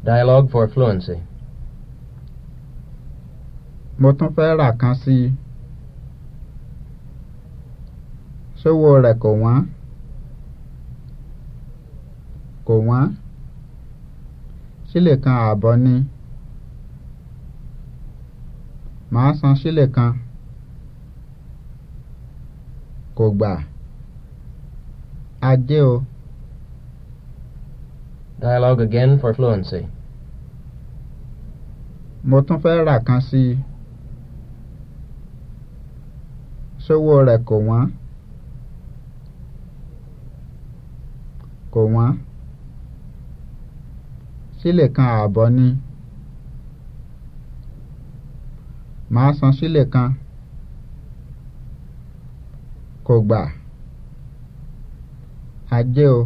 Dialogue for fluency. Mo tún fẹ́ rà kan sí i. Ṣówó rẹ̀ kò wọ́n? Kò wọ́n? Ṣílè kan ààbọ̀ ni. Màá san ṣílè kan. Kò gbà. Ajé o. Dialogue again for fluency. Mo tún fẹ́ rà kan sí i. Ṣówó rẹ̀ kò wọ́n. Kò wọ́n. Sílè kan ààbọ̀ ni. Màá san sílè kan. Kò gbà. Ajé o.